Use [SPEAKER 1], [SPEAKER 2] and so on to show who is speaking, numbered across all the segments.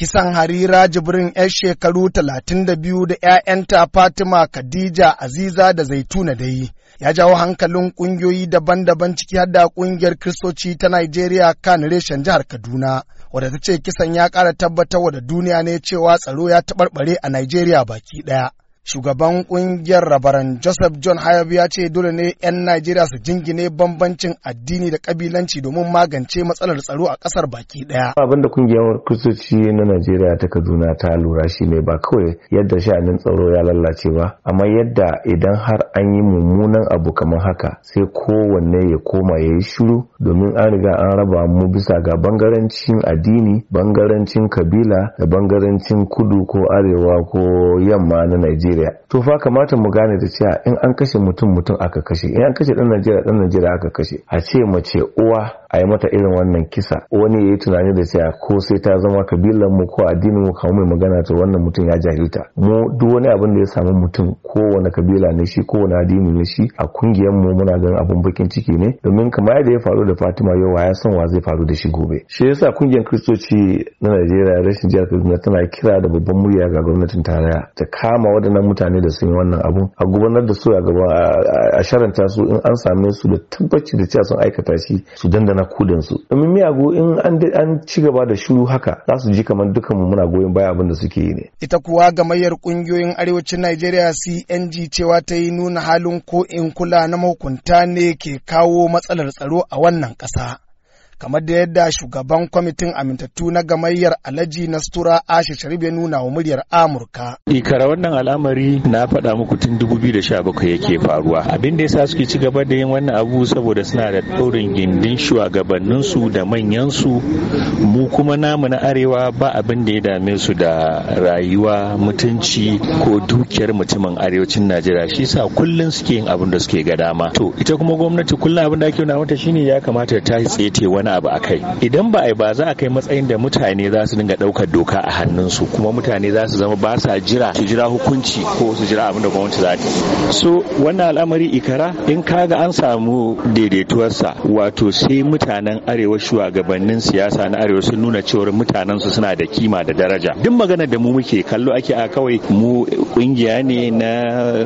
[SPEAKER 1] Kisan Harira Jibrin 'yar shekaru talatin da biyu da 'ya'yanta Fatima Khadija Aziza da Zaituna da yi, ya jawo hankalin ƙungiyoyi daban-daban ciki har da ƙungiyar Kiristoci ta Najeriya kan reshen jihar Kaduna, wadda ta ce kisan ya ƙara tabbatar da duniya ne cewa tsaro ya taɓarɓare a Najeriya baki ɗaya. shugaban kungiyar rabaran joseph john hayab ya ce dole ne 'yan najeriya su jingine bambancin addini da kabilanci domin magance matsalar tsaro a kasar baki
[SPEAKER 2] daya abin da kungiyar kristoci na najeriya ta kaduna ta lura shi ne ba kawai yadda sha'anin tsaro ya lalace ba amma yadda idan har an yi mummunan abu kamar haka sai kowanne ya koma ya yi shiru domin an riga an raba mu bisa ga bangarancin addini bangarancin kabila da bangarancin kudu ko arewa ko yamma na najeriya Najeriya to fa kamata mu gane da cewa in an kashe mutum mutum aka kashe in an kashe dan Najeriya dan Najeriya aka kashe a ce mace uwa a yi mata irin wannan kisa wani ya yi tunani da cewa ko sai ta zama kabilan mu ko addinin mu kawo mai magana to wannan mutum ya jahilta mu duk wani abin da ya samu mutum kowane kabila ne shi kowane addini ne shi a kungiyar mu muna ganin abun bakin ciki ne domin kamar yadda ya faru da Fatima yau ya san wa zai faru da shi gobe shi yasa kungiyar kiristoci na Najeriya rashin jihar Kaduna tana kira da babban murya ga gwamnatin tarayya ta kama waɗannan mutane da sun yi wannan abun a gubanar da su a gaba a sharanta su in an same su da tabbaci da cewa sun aikata shi su dandana kudin su domin miyagu in an ci gaba da shiru haka za su ji kamar dukan mu muna goyon baya abin da suke yi ne
[SPEAKER 1] ita kuwa gamayyar kungiyoyin arewacin Najeriya CNG cewa ta yi nuna halin ko in kula na mahukunta ne ke kawo matsalar tsaro a wannan ƙasa kamar da yadda shugaban kwamitin amintattu na gamayyar alhaji sutura ashe sharibe nuna wa muryar amurka ikara wannan al'amari
[SPEAKER 3] na faɗa muku tun 2017 yake faruwa abin da ya sa suke ci gaba da yin wannan abu saboda suna da ɗaurin gindin shugabanninsu da manyansu mu kuma namu na arewa ba abin da ya dame su da rayuwa mutunci ko dukiyar mutumin arewacin najeriya shi sa kullum suke yin abin da suke ga dama to ita kuma gwamnati kullum abin da ake nuna mata shine ya kamata ta tsete wani abu a kai idan ba a yi ba za a kai matsayin da mutane za su dinga daukar doka a hannunsu kuma mutane za su zama ba sa jira su jira hukunci ko su jira abin da gwamnati za ta so wannan al'amari ikara in kaga an samu daidaituwarsa wato sai mutanen arewa shugabannin siyasa na arewa sun nuna cewar mutanen su suna da kima da daraja duk magana da mu muke kallo ake a kawai mu kungiya ne na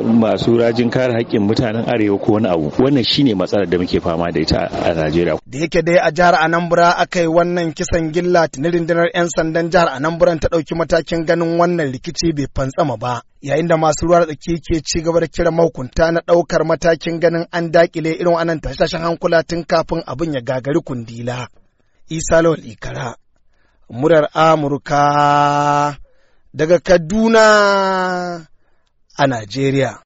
[SPEAKER 3] masu rajin kare haƙƙin mutanen arewa ko wani abu wannan shine matsalar da muke fama da ita a Najeriya
[SPEAKER 1] da yake dai a jihar Anambra aka yi wannan kisan gilla na rundunar 'yan sandan jihar Anambra ta ɗauki matakin ganin wannan rikici bai fantsama ba. Yayin da masu ruwa tsaki ke ci gaba da kira mahukunta na ɗaukar matakin ganin an dakile irin wannan tashe hankula tun kafin abin ya gagari kundila. Isa Lawal Ikara, murar Amurka daga Kaduna a Najeriya.